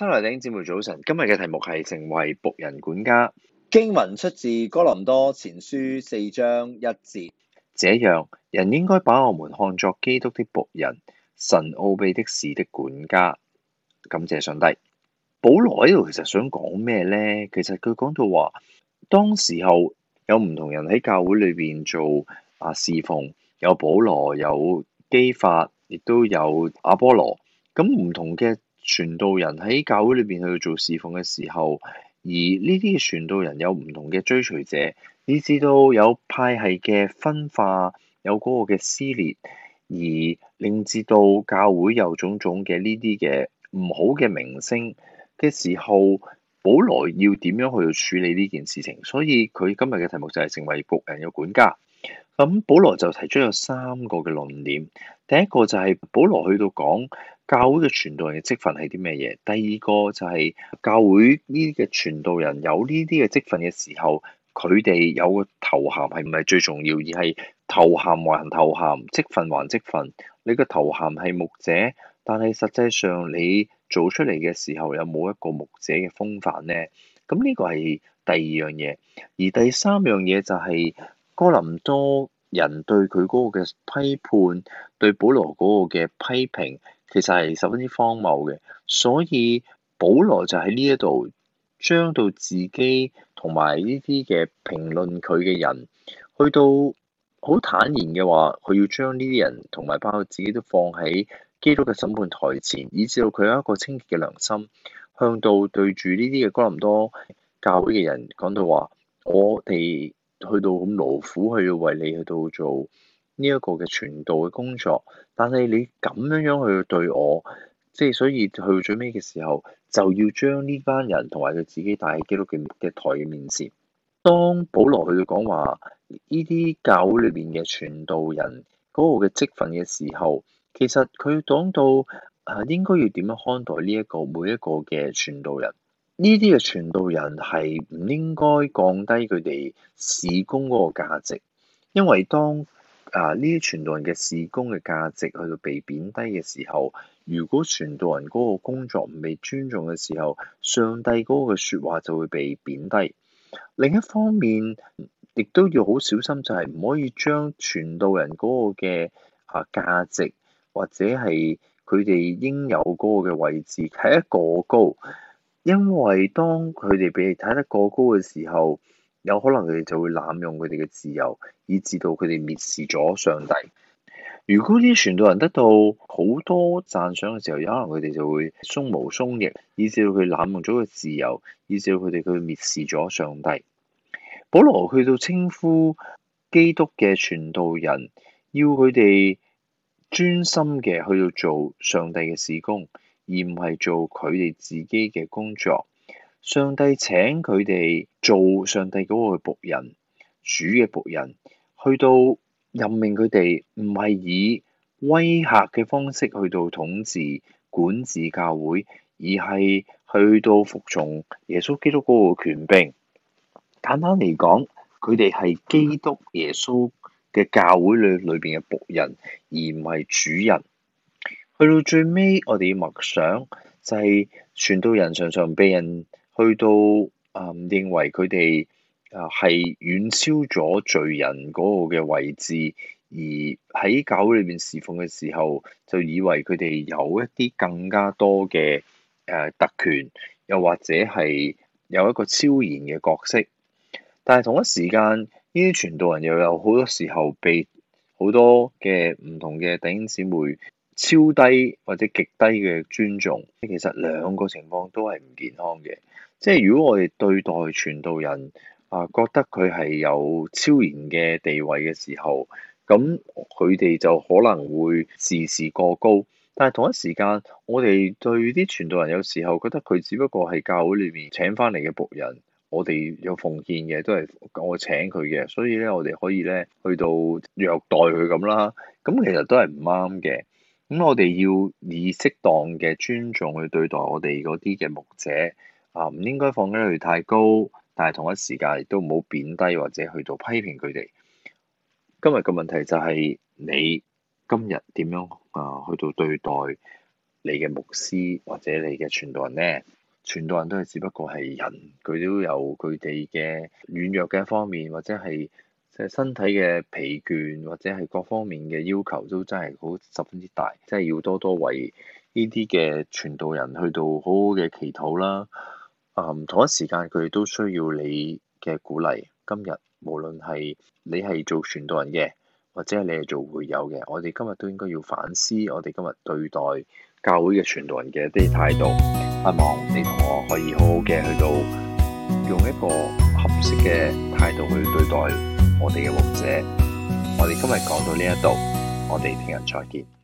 新來頂姐妹早晨，今日嘅題目係成為僕人管家。經文出自哥林多前書四章一節，這樣人應該把我們看作基督的僕人，神奧秘的事的管家。感謝上帝，保羅喺度其實想講咩咧？其實佢講到話，當時候有唔同人喺教會裏邊做啊侍奉，有保羅有基法，亦都有阿波羅，咁唔同嘅。傳道人喺教會裏邊去做侍奉嘅時候，而呢啲傳道人有唔同嘅追隨者，以致到有派系嘅分化，有嗰個嘅撕裂，而令至到教會有種種嘅呢啲嘅唔好嘅名聲嘅時候，保羅要點樣去處理呢件事情？所以佢今日嘅題目就係成為僕人嘅管家。咁、嗯、保羅就提出有三個嘅論點，第一個就係保羅去到講。教會嘅傳道人嘅職分係啲咩嘢？第二個就係教會呢啲嘅傳道人有呢啲嘅職分嘅時候，佢哋有個頭銜係唔係最重要？而係頭銜還頭銜，職分還職分。你個頭銜係牧者，但係實際上你做出嚟嘅時候有冇一個牧者嘅風範呢？咁呢個係第二樣嘢，而第三樣嘢就係哥林多人對佢嗰個嘅批判，對保羅嗰個嘅批評。其實係十分之荒謬嘅，所以保羅就喺呢一度將到自己同埋呢啲嘅評論佢嘅人，去到好坦然嘅話，佢要將呢啲人同埋包括自己都放喺基督嘅審判台前，以至到佢有一個清潔嘅良心，向到對住呢啲嘅哥林多教會嘅人講到話，我哋去到咁勞苦，佢要為你去到做。呢一個嘅傳道嘅工作，但係你咁樣樣去對我，即係所以去最尾嘅時候就要將呢班人同埋佢自己帶喺基督嘅台面前。當保羅佢哋講話呢啲教會裏面嘅傳道人嗰個嘅職分嘅時候，其實佢講到啊，應該要點樣看待呢一個每一個嘅傳道人？呢啲嘅傳道人係唔應該降低佢哋事工嗰個價值，因為當啊！呢啲傳道人嘅事工嘅價值去到被貶低嘅時候，如果傳道人嗰個工作唔被尊重嘅時候，上帝嗰個嘅說話就會被貶低。另一方面，亦都要好小心，就係，就係唔可以將傳道人嗰個嘅啊價值或者係佢哋應有嗰個嘅位置睇得過高，因為當佢哋被睇得過高嘅時候，有可能佢哋就會濫用佢哋嘅自由，以致到佢哋蔑視咗上帝。如果啲傳道人得到好多讚賞嘅時候，有可能佢哋就會鬆毛鬆翼，以致到佢濫用咗個自由，以致到佢哋佢蔑視咗上帝。保羅去到稱呼基督嘅傳道人，要佢哋專心嘅去到做上帝嘅事工，而唔係做佢哋自己嘅工作。上帝請佢哋做上帝嗰個僕人，主嘅僕人，去到任命佢哋，唔係以威嚇嘅方式去到統治、管治教會，而係去到服從耶穌基督嗰個權柄。簡單嚟講，佢哋係基督耶穌嘅教會裏裏邊嘅僕人，而唔係主人。去到最尾，我哋要默想就係傳道人常常被人。去到啊、嗯，認為佢哋啊係遠超咗罪人嗰個嘅位置，而喺教裏面侍奉嘅時候，就以為佢哋有一啲更加多嘅誒、呃、特權，又或者係有一個超然嘅角色。但係同一時間，呢啲傳道人又有好多時候被好多嘅唔同嘅弟兄姊妹超低或者極低嘅尊重。其實兩個情況都係唔健康嘅。即係如果我哋對待傳道人啊，覺得佢係有超然嘅地位嘅時候，咁佢哋就可能會時時過高。但係同一時間，我哋對啲傳道人有時候覺得佢只不過係教會裏面請返嚟嘅僕人，我哋有奉獻嘅都係我請佢嘅，所以咧我哋可以咧去到虐待佢咁啦。咁其實都係唔啱嘅。咁我哋要以適當嘅尊重去對待我哋嗰啲嘅牧者。啊！唔應該放低佢太高，但係同一時間亦都唔好貶低或者去到批評佢哋。今日嘅問題就係你今日點樣啊？去到對待你嘅牧師或者你嘅傳道人呢？傳道人都係只不過係人，佢都有佢哋嘅軟弱嘅一方面，或者係即係身體嘅疲倦，或者係各方面嘅要求都真係好十分之大，即係要多多為呢啲嘅傳道人去到好好嘅祈禱啦。啊，同一時間佢哋都需要你嘅鼓勵。今日無論係你係做傳道人嘅，或者你係做會友嘅，我哋今日都應該要反思我哋今日對待教會嘅傳道人嘅啲態度。希望你同我可以好好嘅去到，用一個合適嘅態度去對待我哋嘅牧者。我哋今日講到呢一度，我哋聽日再見。